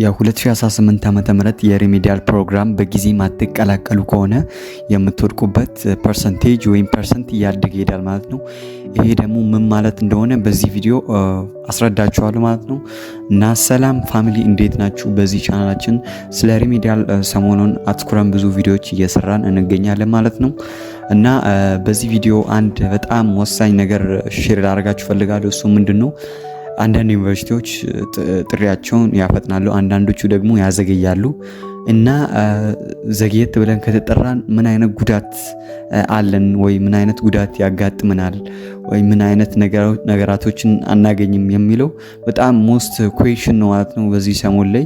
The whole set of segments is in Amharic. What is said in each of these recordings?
የ2018 ዓ ም የሪሚዲያል ፕሮግራም በጊዜ ማትቀላቀሉ ከሆነ የምትወድቁበት ፐርሰንቴጅ ወይም ፐርሰንት እያደገ ይሄዳል ማለት ነው። ይሄ ደግሞ ምን ማለት እንደሆነ በዚህ ቪዲዮ አስረዳችኋለሁ ማለት ነው። እና ሰላም ፋሚሊ እንዴት ናችሁ? በዚህ ቻናላችን ስለ ሪሚዲያል ሰሞኑን አትኩረን ብዙ ቪዲዮዎች እየሰራን እንገኛለን ማለት ነው። እና በዚህ ቪዲዮ አንድ በጣም ወሳኝ ነገር ሼር ላደርጋችሁ ፈልጋለሁ። እሱ ምንድን ነው አንዳንድ ዩኒቨርሲቲዎች ጥሪያቸውን ያፈጥናሉ፣ አንዳንዶቹ ደግሞ ያዘገያሉ እና ዘግየት ብለን ከተጠራን ምን አይነት ጉዳት አለን ወይ ምን አይነት ጉዳት ያጋጥመናል ወይ ምን አይነት ነገራቶችን አናገኝም የሚለው በጣም ሞስት ኩዌሽን ነው ማለት ነው። በዚህ ሰሞን ላይ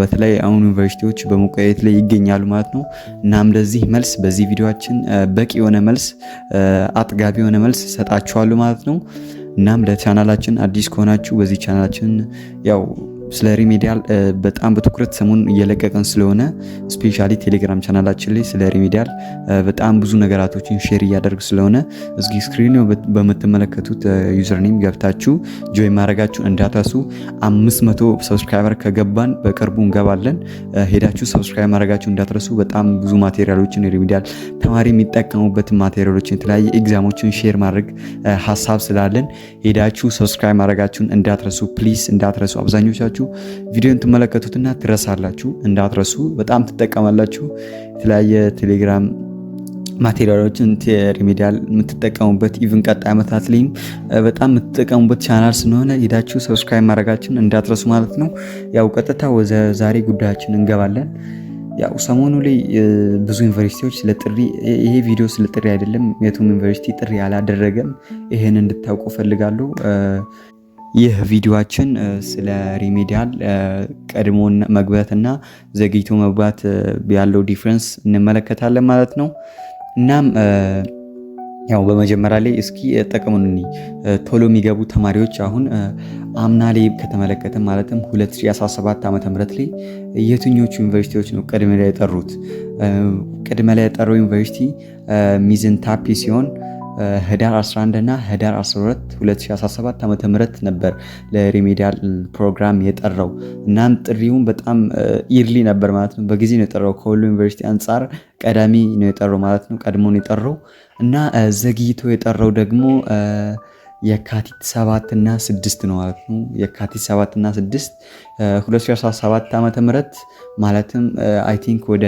በተለይ አሁን ዩኒቨርሲቲዎች በመቆየት ላይ ይገኛሉ ማለት ነው። እናም ለዚህ መልስ በዚህ ቪዲዮችን በቂ የሆነ መልስ አጥጋቢ የሆነ መልስ ሰጣችኋሉ ማለት ነው። እናም ለቻናላችን አዲስ ከሆናችሁ በዚህ ቻናላችን ያው ስለ ሪሜዲያል በጣም በትኩረት ሰሞኑን እየለቀቀን ስለሆነ ስፔሻሊ ቴሌግራም ቻናላችን ላይ ስለ ሪሜዲያል በጣም ብዙ ነገራቶችን ሼር እያደርግ ስለሆነ እዚ ስክሪን በምትመለከቱት ዩዘርኔም ገብታችሁ ጆይ ማድረጋችሁን እንዳታሱ። አምስት መቶ ሰብስክራይበር ከገባን በቅርቡ እንገባለን። ሄዳችሁ ሰብስክራይብ ማድረጋችሁ እንዳትረሱ። በጣም ብዙ ማቴሪያሎችን ሪሜዲያል ተማሪ የሚጠቀሙበትን ማቴሪያሎችን የተለያየ ኤግዛሞችን ሼር ማድረግ ሀሳብ ስላለን ሄዳችሁ ሰብስክራይብ ማድረጋችሁን እንዳትረሱ፣ ፕሊስ እንዳትረሱ አብዛኞቻችሁ ትችላላችሁ። ቪዲዮን ትመለከቱትና ትረሳላችሁ። እንዳትረሱ በጣም ትጠቀማላችሁ። የተለያየ ቴሌግራም ማቴሪያሎችን ሪሜዲያል የምትጠቀሙበት ኢቭን ቀጣይ ዓመታት ላይም በጣም የምትጠቀሙበት ቻናል ስለሆነ ሄዳችሁ ሰብስክራይብ ማድረጋችን እንዳትረሱ ማለት ነው። ያው ቀጥታ ወደ ዛሬ ጉዳያችን እንገባለን። ያው ሰሞኑ ላይ ብዙ ዩኒቨርሲቲዎች ስለጥሪ ይሄ ቪዲዮ ስለ ጥሪ አይደለም፣ የቱም ዩኒቨርሲቲ ጥሪ አላደረገም። ይሄን እንድታውቁ ፈልጋለሁ። ይህ ቪዲዮችን ስለ ሪሜዲያል ቀድሞ እና ዘግይቶ መግባት ያለው ዲፍረንስ እንመለከታለን ማለት ነው። እናም ያው በመጀመሪያ ላይ እስኪ ጠቅሙን ቶሎ የሚገቡ ተማሪዎች አሁን አምና ላይ ከተመለከተ ማለትም 2017 ዓ ም ላይ የትኞቹ ዩኒቨርሲቲዎች ነው ቅድመ ላይ የጠሩት? ቅድመ ላይ የጠራው ዩኒቨርሲቲ ሚዝን ታፒ ሲሆን ህዳር 11 እና ህዳር 12 2017 ዓ ም ነበር ለሪሜዲያል ፕሮግራም የጠራው። እናም ጥሪውን በጣም ኢርሊ ነበር ማለት ነው፣ በጊዜ ነው የጠራው። ከሁሉ ዩኒቨርሲቲ አንጻር ቀዳሚ ነው የጠራው ማለት ነው፣ ቀድሞ ነው የጠራው እና ዘግይቶ የጠራው ደግሞ የካቲት 7 እና 6 ነው ማለት ነው። የካቲት 7 እና 6 2017 ዓ ም ማለትም አይ ቲንክ ወደ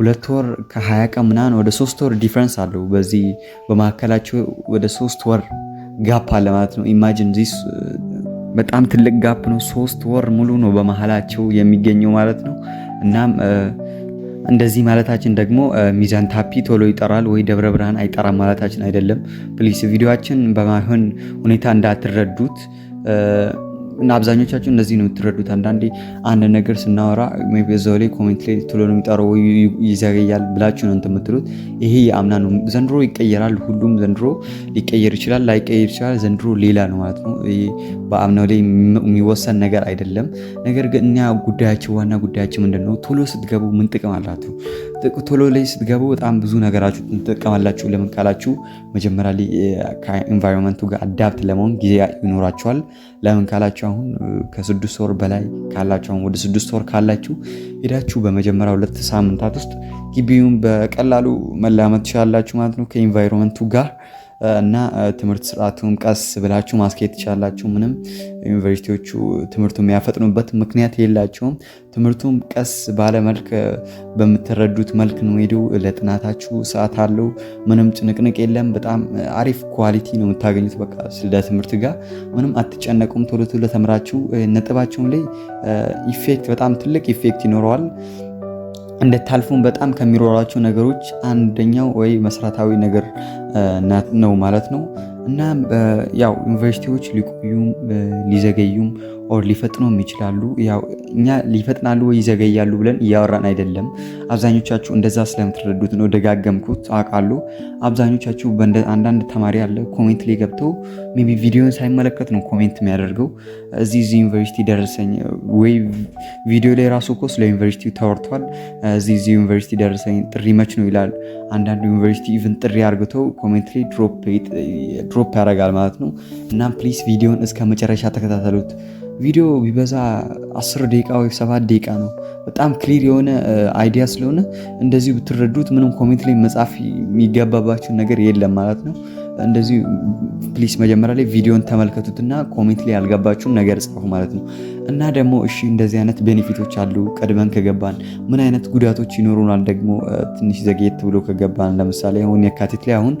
ሁለት ወር ከሀያ ቀን ምናምን ወደ ሶስት ወር ዲፍረንስ አለው። በዚህ በመካከላቸው ወደ ሶስት ወር ጋፕ አለ ማለት ነው። ኢማጂን ዚስ በጣም ትልቅ ጋፕ ነው። ሶስት ወር ሙሉ ነው በመሀላቸው የሚገኘው ማለት ነው። እናም እንደዚህ ማለታችን ደግሞ ሚዛን ታፒ ቶሎ ይጠራል ወይ ደብረ ብርሃን አይጠራም ማለታችን አይደለም። ፕሊስ ቪዲዮችን በማይሆን ሁኔታ እንዳትረዱት። እና አብዛኞቻችሁ እነዚህ ነው የምትረዱት። አንዳንዴ አንድ ነገር ስናወራ እዛው ላይ ኮሜንት ላይ ቶሎ ነው የሚጠራው ይዘገያል ብላችሁ ነው እንትን የምትሉት። ይሄ የአምና ነው። ዘንድሮ ይቀየራል። ሁሉም ዘንድሮ ሊቀየር ይችላል፣ ላይቀየር ይችላል። ዘንድሮ ሌላ ነው ማለት ነው። በአምናው ላይ የሚወሰን ነገር አይደለም። ነገር ግን እኛ ጉዳያቸው ዋና ጉዳያቸው ምንድን ነው? ቶሎ ስትገቡ ምን ጥቅም አላችሁ? ቶሎ ላይ ስትገቡ በጣም ብዙ ነገራችሁ ትጠቀማላችሁ። ለምን ካላችሁ መጀመሪያ ላይ ከኢንቫይሮንመንቱ ጋር አዳፕት ለመሆን ጊዜ ይኖራችኋል። ለምን ካላችሁ አሁን ከስድስት ወር በላይ ካላችሁ አሁን ወደ ስድስት ወር ካላችሁ ሄዳችሁ በመጀመሪያ ሁለት ሳምንታት ውስጥ ግቢውን በቀላሉ መላመድ ትችላላችሁ ማለት ነው ከኢንቫይሮንመንቱ ጋር እና ትምህርት ስርዓቱም ቀስ ብላችሁ ማስኬት ትችላላችሁ። ምንም ዩኒቨርሲቲዎቹ ትምህርቱ የሚያፈጥኑበት ምክንያት የላቸውም። ትምህርቱም ቀስ ባለ መልክ በምትረዱት መልክ ነው ሄዱ። ለጥናታችሁ ሰዓት አለው። ምንም ጭንቅንቅ የለም። በጣም አሪፍ ኳሊቲ ነው የምታገኙት። በቃ ስለ ትምህርት ጋር ምንም አትጨነቁም። ቶሎ ቶሎ ተምራችሁ ነጥባችሁም ላይ ኢፌክት በጣም ትልቅ ኢፌክት ይኖረዋል። እንድታልፉም በጣም ከሚሯሯቸው ነገሮች አንደኛው ወይ መሰረታዊ ነገር ነው ማለት ነው። እና ያው ዩኒቨርሲቲዎች ሊቆዩም ሊዘገዩም ኦር ሊፈጥኑም ይችላሉ። እኛ ሊፈጥናሉ ወይ ይዘገያሉ ብለን እያወራን አይደለም። አብዛኞቻችሁ እንደዛ ስለምትረዱት ነው ደጋገምኩት አውቃለሁ። አብዛኞቻችሁ አንዳንድ ተማሪ አለ ኮሜንት ላይ ገብተው ሜይ ቢ ቪዲዮን ሳይመለከት ነው ኮሜንት የሚያደርገው። እዚህ እዚህ ዩኒቨርሲቲ ደረሰኝ ወይ ቪዲዮ ላይ ራሱ እኮ ስለ ዩኒቨርሲቲ ተወርቷል። እዚህ እዚህ ዩኒቨርሲቲ ደረሰኝ ጥሪ መች ነው ይላል። አንዳንድ ዩኒቨርሲቲ ኢቨን ጥሪ አርግተው ኮሜንት ላይ ድሮፕ ያደርጋል ማለት ነው። እናም ፕሊስ ቪዲዮን እስከ መጨረሻ ተከታተሉት። ቪዲዮ ቢበዛ 10 ደቂቃ ወይ ሰባት ደቂቃ ነው። በጣም ክሊር የሆነ አይዲያ ስለሆነ እንደዚሁ ብትረዱት ምንም ኮሜንት ላይ መጻፍ የሚገባባችሁ ነገር የለም ማለት ነው። እንደዚሁ ፕሊስ መጀመሪያ ላይ ቪዲዮን ተመልከቱትና ኮሜንት ላይ ያልገባችሁም ነገር ጻፉ ማለት ነው። እና ደግሞ እሺ እንደዚህ አይነት ቤኔፊቶች አሉ ቀድመን ከገባን፣ ምን አይነት ጉዳቶች ይኖሩናል ደግሞ ትንሽ ዘግየት ብሎ ከገባን። ለምሳሌ አሁን የካቲት ላይ አሁን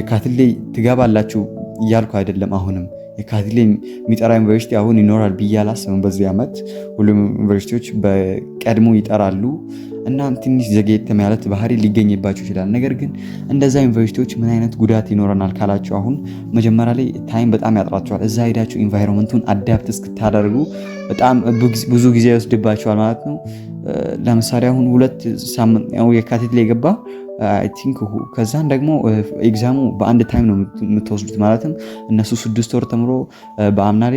የካቲት ላይ ትገባላችሁ እያልኩ አይደለም አሁንም የካቲት የሚጠራ ዩኒቨርሲቲ አሁን ይኖራል ብዬ አላስብም። በዚህ ዓመት ሁሉም ዩኒቨርሲቲዎች በቀድሞ ይጠራሉ እና ትንሽ ዘግየት ማለት ባህሪ ሊገኝባቸው ይችላል። ነገር ግን እንደዛ ዩኒቨርሲቲዎች ምን አይነት ጉዳት ይኖረናል ካላቸው አሁን መጀመሪያ ላይ ታይም በጣም ያጥራቸዋል። እዛ ሄዳቸው ኢንቫይሮንመንቱን አዳፕት እስክታደርጉ በጣም ብዙ ጊዜ ይወስድባቸዋል ማለት ነው። ለምሳሌ አሁን ሁለት የካቲት ላይ የገባ አይ ቲንክ ከዛን ደግሞ ኤግዛሙ በአንድ ታይም ነው የምትወስዱት። ማለትም እነሱ ስድስት ወር ተምሮ በአምናሌ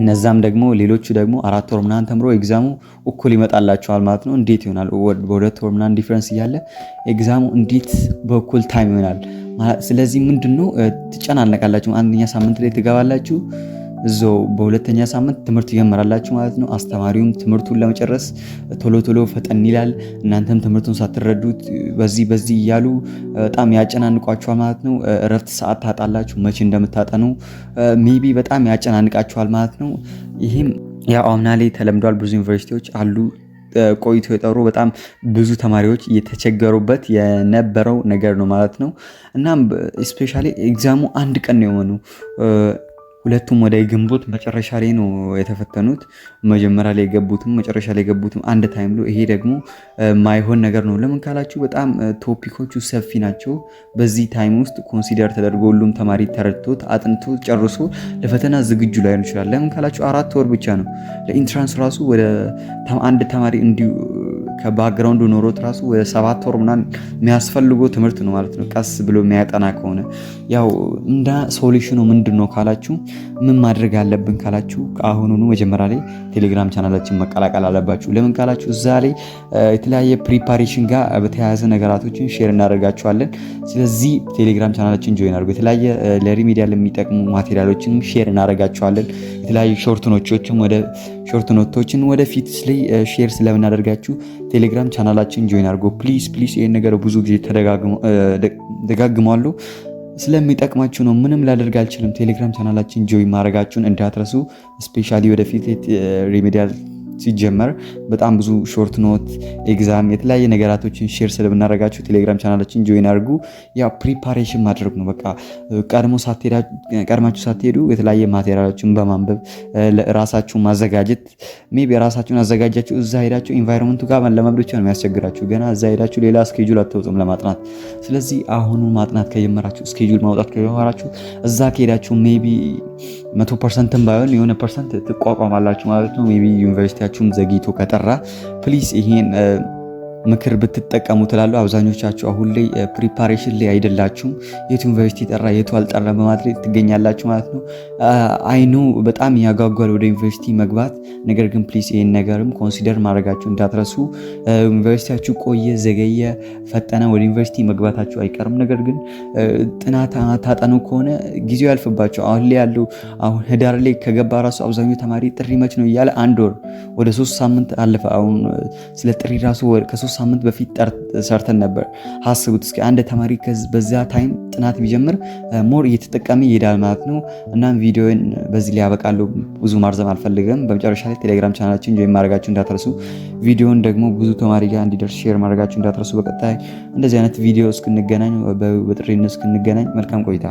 እነዛም ደግሞ ሌሎቹ ደግሞ አራት ወር ምናምን ተምሮ ኤግዛሙ እኩል ይመጣላቸዋል ማለት ነው። እንዴት ይሆናል? በሁለት ወር ምናምን ዲፍረንስ እያለ ኤግዛሙ እንዴት በእኩል ታይም ይሆናል? ስለዚህ ምንድነው ትጨናነቃላችሁ። አንደኛ ሳምንት ላይ ትገባላችሁ እዛው በሁለተኛ ሳምንት ትምህርት ይጀምራላችሁ ማለት ነው። አስተማሪውም ትምህርቱን ለመጨረስ ቶሎ ቶሎ ፈጠን ይላል። እናንተም ትምህርቱን ሳትረዱት በዚህ በዚህ እያሉ በጣም ያጨናንቋችኋል ማለት ነው። እረፍት ሰዓት ታጣላችሁ። መቼ እንደምታጠኑ ሜቢ በጣም ያጨናንቃችኋል ማለት ነው። ይህም ያው አምና ላይ ተለምዷል። ብዙ ዩኒቨርሲቲዎች አሉ ቆይቶ የጠሩ በጣም ብዙ ተማሪዎች እየተቸገሩበት የነበረው ነገር ነው ማለት ነው። እናም ስፔሻሊ ኤግዛሙ አንድ ቀን ነው የሆኑ ሁለቱም ወደ ግንቦት መጨረሻ ላይ ነው የተፈተኑት። መጀመሪያ ላይ የገቡትም መጨረሻ ላይ የገቡትም አንድ ታይም ነው። ይሄ ደግሞ ማይሆን ነገር ነው። ለምን ካላችሁ በጣም ቶፒኮቹ ሰፊ ናቸው። በዚህ ታይም ውስጥ ኮንሲደር ተደርጎ ሁሉም ተማሪ ተረድቶት አጥንቶ ጨርሶ ለፈተና ዝግጁ ላይሆን ይችላል። ለምን ካላችሁ አራት ወር ብቻ ነው ለኢንትራንስ ራሱ ወደ አንድ ተማሪ እንዲሁ ከባክግራውንዱ ኖሮት ራሱ ወደ ሰባት ወር ምናምን የሚያስፈልገው ትምህርት ነው ማለት ነው። ቀስ ብሎ የሚያጠና ከሆነ ያው እንደ ሶሉሽኑ ምንድን ነው ካላችሁ፣ ምን ማድረግ አለብን ካላችሁ፣ አሁኑኑ መጀመሪያ ላይ ቴሌግራም ቻናላችን መቀላቀል አለባችሁ። ለምን ካላችሁ፣ እዛ ላይ የተለያየ ፕሪፓሬሽን ጋር በተያያዘ ነገራቶችን ሼር እናደርጋችኋለን። ስለዚህ ቴሌግራም ቻናላችን ጆይን አድርጉ። የተለያየ ለሪሚዲያል የሚጠቅሙ ማቴሪያሎችንም ሼር እናደርጋችኋለን። የተለያዩ ሾርትኖቾችም ወደ ሾርት ኖቶችን ወደፊት ላይ ሼር ስለምናደርጋችሁ ቴሌግራም ቻናላችን ጆይን አድርጎ ፕሊዝ ፕሊዝ። ይህን ነገር ብዙ ጊዜ ደጋግሟሉ ስለሚጠቅማችሁ ነው። ምንም ላደርግ አልችልም። ቴሌግራም ቻናላችን ጆይን ማድረጋችሁን እንዳትረሱ። ስፔሻሊ ወደፊት ሪሜዲያል ሲጀመር በጣም ብዙ ሾርት ኖት ኤግዛም፣ የተለያየ ነገራቶችን ሼር ስለምናደርጋችሁ ቴሌግራም ቻናላችን ጆይን አድርጉ። ያ ፕሪፓሬሽን ማድረግ ነው። በቃ ቀድማችሁ ሳትሄዱ የተለያየ ማቴሪያሎችን በማንበብ ራሳችሁ ማዘጋጀት ሜይ ቢ ራሳችሁን አዘጋጃችሁ እዛ ሄዳችሁ ኢንቫይሮንመንቱ ጋር ለመብድ ብቻ ነው የሚያስቸግራችሁ። ገና እዛ ሄዳችሁ ሌላ እስኬጁል አትወጡም ለማጥናት። ስለዚህ አሁኑ ማጥናት ከጀመራችሁ እስኬጁል ማውጣት ከጀመራችሁ እዛ ከሄዳችሁ ሜይ ቢ መቶ ፐርሰንትም ባይሆን የሆነ ፐርሰንት ትቋቋማላችሁ ማለት ነው ሜይ ቢ ዩኒቨርሲቲ ስልካችሁን ዘግይቶ ከጠራ ፕሊስ ይሄን ምክር ብትጠቀሙ ትላሉ። አብዛኞቻችሁ አሁን ላይ ፕሪፓሬሽን ላይ አይደላችሁም። የቱ ዩኒቨርሲቲ ጠራ የቱ አልጠራ በማድረግ ትገኛላችሁ ማለት ነው። አይኑ በጣም ያጓጓል ወደ ዩኒቨርሲቲ መግባት። ነገር ግን ፕሊስ ይህን ነገርም ኮንሲደር ማድረጋችሁ እንዳትረሱ። ዩኒቨርሲቲያችሁ ቆየ፣ ዘገየ፣ ፈጠነ ወደ ዩኒቨርሲቲ መግባታችሁ አይቀርም። ነገር ግን ጥናት ታጠኑ ከሆነ ጊዜው ያልፍባቸው። አሁን ላይ ያለው አሁን ህዳር ላይ ከገባ ራሱ አብዛኛው ተማሪ ጥሪ መች ነው እያለ አንድ ወር ወደ ሶስት ሳምንት አለፈ። አሁን ስለ ጥሪ ራሱ ከሶስት ከሶስት ሳምንት በፊት ሰርተን ነበር። አስቡት እስኪ አንድ ተማሪ በዛ ታይም ጥናት ቢጀምር ሞር እየተጠቀመ ይሄዳል ማለት ነው። እናም ቪዲዮን በዚህ ላይ ያበቃለሁ። ብዙ ማርዘም አልፈልግም። በመጨረሻ ላይ ቴሌግራም ቻናላችን ጆይን ማድረጋችሁ እንዳትረሱ፣ ቪዲዮን ደግሞ ብዙ ተማሪ ጋር እንዲደርስ ሼር ማድረጋችሁ እንዳትረሱ። በቀጣይ እንደዚህ አይነት ቪዲዮ እስክንገናኝ፣ በጥሪ እስክንገናኝ መልካም ቆይታ